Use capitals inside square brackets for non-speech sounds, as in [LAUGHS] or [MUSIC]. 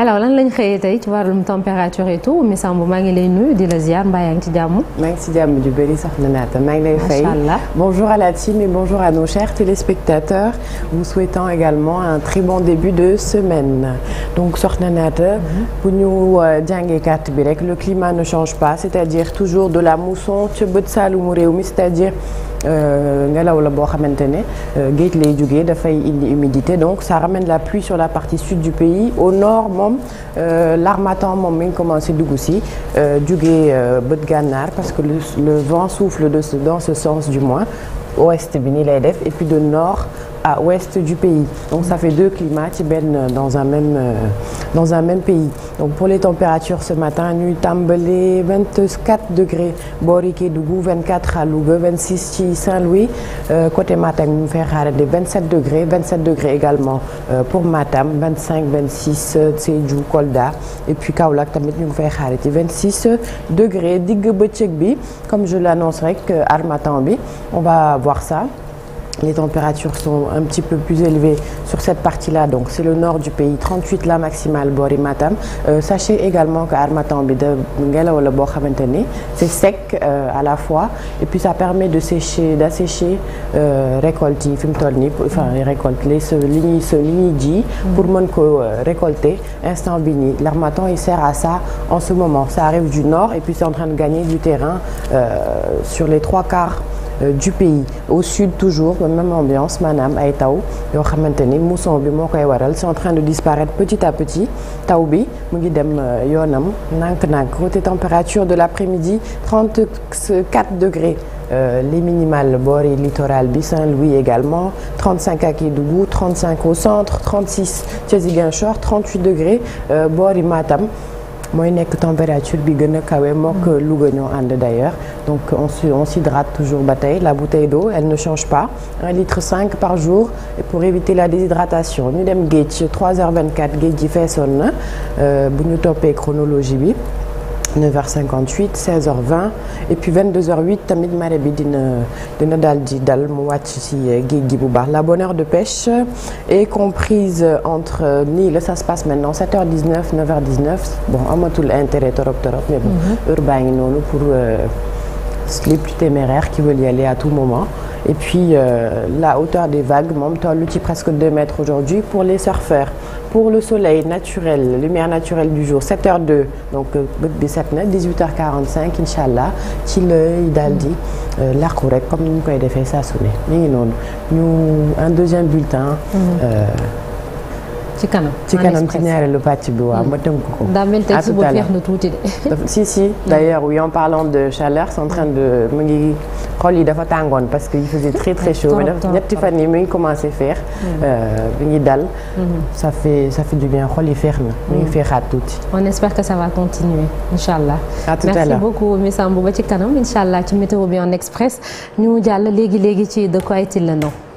alors lan lañ xëyee tey ci wàllum température et tout Miss maa ngi lay nuyu di la ziar mbaa yaa ngi ci jàmm. maa ngi ci jàmm ju bëri sax na naata maa ngi lay fay. bonjour à la team et bonjour à nos chers téléspectateurs vous souhaitant également un très bon début de semaine donc soxna naata. Mhm. bu ñu euh, jàngee carte bi rek le climat ne change pas c'est-à-dire toujours de la mousson ca bët saalumu réew mi c'est-à-dire. Euh, ngelaw la boo xamante ne euh, géej lay jógee dafay indi humidité donc ça ramène la pluie sur la partie sud du pays au nord moom euh, l'harmattan moom mi ngi commencé dugg si jógee bët gànnaar parce que le vent souffle de dans ce sens du moins ouest bi ni lay def et puis de nord à ouest du pays donc ça fait deux climats ci benn euh, dans un même euh, dans un même pays donc pour les températures ce matin ñuy tàmbale 24 degrés boori Kédougou 24 à Louga 26 ci Saint-Louis euh, côté Matam ñu fay xaarandi 27 degrés 27 degrés également pour Matam 25 26 Sédhiou Kolda et puis Kaolack tamit ñu ngi fay xaarandi 26 degrés digg bëccëg bi comme je l'annonce rek armatan bi on va voir ça les températures sont un petit peu plus élevées sur cette partie-là donc c'est le nord du pays 38 la maximale boori Matam euh, sachez également que Harmattan bi de ngelaw la boo xamante ni c'est sec euh, à la fois et puis ça permet de sécher d'assécher euh, récolte yi fi mu toll nii enfin récolte les se li ñuy se li ñuy ji pour mën ko euh, récolter instant bi nii l'Harmattan il sert à ça en ce moment ça arrive du nord et puis c'est en train de gagner du terrain euh, sur les trois quarts Euh, du pays au sud toujours même ambiance maanaam ay taw yoo xamante ni mousson bi moo koy waral sont en train de disparaître petit à petit taw bi mu ngi dem euh, yoonam nànk-nànk côté température de l'après-midi 34 degrés Euh, les minimales boori littoral bi Saint-Louis également 35 à Kédougou 35 au centre 36 ca Ziguinchor 38 degrés euh, boori Matam mooy nekk température bi gën a kawe mook Louga ñoo ànd d'ailleurs donc on s on s'hydrate ba tey la bouteille d'eau elle ne change pas 1 litre 5 par jour pour éviter la déshydratation ñu dem géej 3 heures 24 géej ji feesoon na euh, bu ñu toppee bi 9h58 16h20 et puis 22h08 tamit marée bi dina dina daal di mu wàcc ci géej gi bu baax la bonne heure de pêche est comprise entre nii la ça se passe maintenant 7h19 9h19 bon amatul intérêt torop torop mhm. baa ngi noonu pour euh, les plus téméraires qui moment et puis euh, la hauteur des vagues moom ci presque 2 mètres aujourd'hui pour les surfeurs pour le soleil naturel lumière naturelle du jour 7h02 donc euh, bët bi set na 18h45 incha allah ci lay daal di euh, làqu rek comme ni koy defee saa su ne ngi noonu ñu un deuxième bulletin. ci kanam ci kanam ci ñaareelu pàcc bi waaw ma tënk ko. daa tuuti de. [LAUGHS] si si d' ailleurs oui xol yi dafa tàngoon parce que il faisait très très chaud. mais dafa ñetti fan yi mu ngi commencé feex. Mm. Euh, mi ngi dal. Mm-hmm. ça fait ça fait du bien xol yi feex na. mi ngi mm. feexaat tuuti. on espère que ça va continuer incha allah. à tout à l'heure merci beaucoup Miss Sambou ba ci kanam incha allah ci météo bi en express ñu jàll léegi léegi ci de quoi est-il le